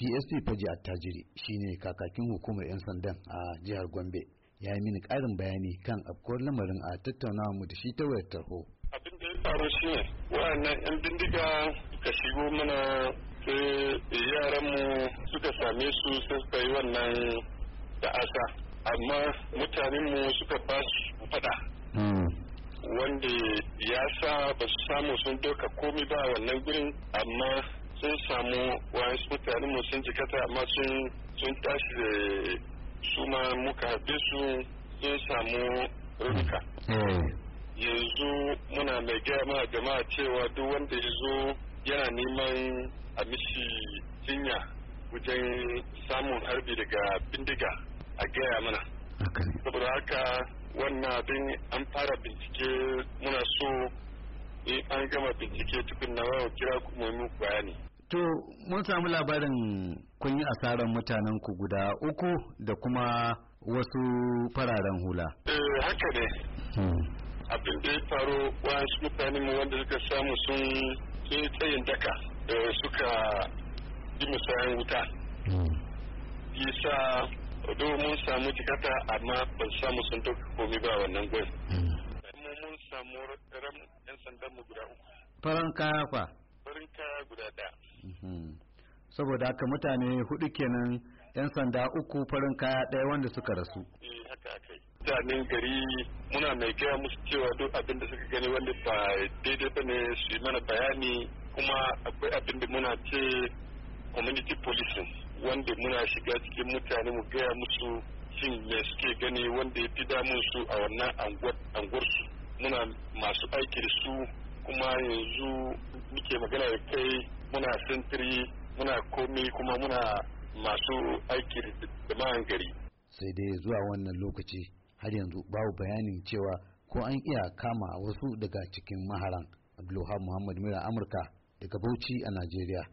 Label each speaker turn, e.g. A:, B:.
A: dsp faji attajiri shine kakakin hukumar 'yan sandan a jihar gombe ya yi mini karin bayani kan afkuwar lamarin a tattaunawa mu da shi ta wayar tarho
B: abin da ya faru shi ne wa'annan 'yan bindiga ka shigo mana sai yaranmu suka same su suka yi wannan asa amma mutanenmu suka ba su fada hmm. wanda ya sa ba su samu sun doka komi ba wannan gurin amma sun samu wayansu mutane mu sun jikata amma sun tashi da su ma muka haɗe su sun samu ruka mm. yanzu muna mai gaya ma jama'a cewa duk wanda ya zo yana neman a mishi jinya wajen samun harbi daga bindiga a gaya mana saboda haka wannan abin an fara bincike muna so in an gama bincike tukun na kira kuma mu bayani
A: to mun samu labarin kun yi asarar mutanen ku guda uku da kuma wasu fararen hula
B: eh haka ne hmm. abin da ya faru wasu mutanen mu wanda suka samu sun ke tsayin daka suka yi musayen wuta isa hmm. mun samu jikata amma ban samu sun dauka komi ba wannan gwai kuma hmm. mun samu ram yan sandan mu guda uku
A: farin kaya kwa
B: farin kaya guda daya
A: Mm-hmm. saboda haka mutane hudu kenan yan sanda uku farin kaya ɗaya wanda suka rasu
B: eh, mutanen gari muna mai gaya musu cewa duk abin da suka gani wanda ba daidai ba ne su yi mana bayani kuma akwai abin da muna ce community policing wanda muna shiga cikin mutane mu gaya musu shin me suke gani wanda ya fi damun su a wannan anguwar su muna masu aiki da su kuma yanzu muke magana da kai muna sintiri muna komi kuma muna masu aiki da ma'an gari
A: sai dai zuwa wannan lokaci har yanzu babu bayanin cewa ko an iya kama wasu daga cikin maharan abdulhamid muhammad mira amurka daga bauchi a najeriya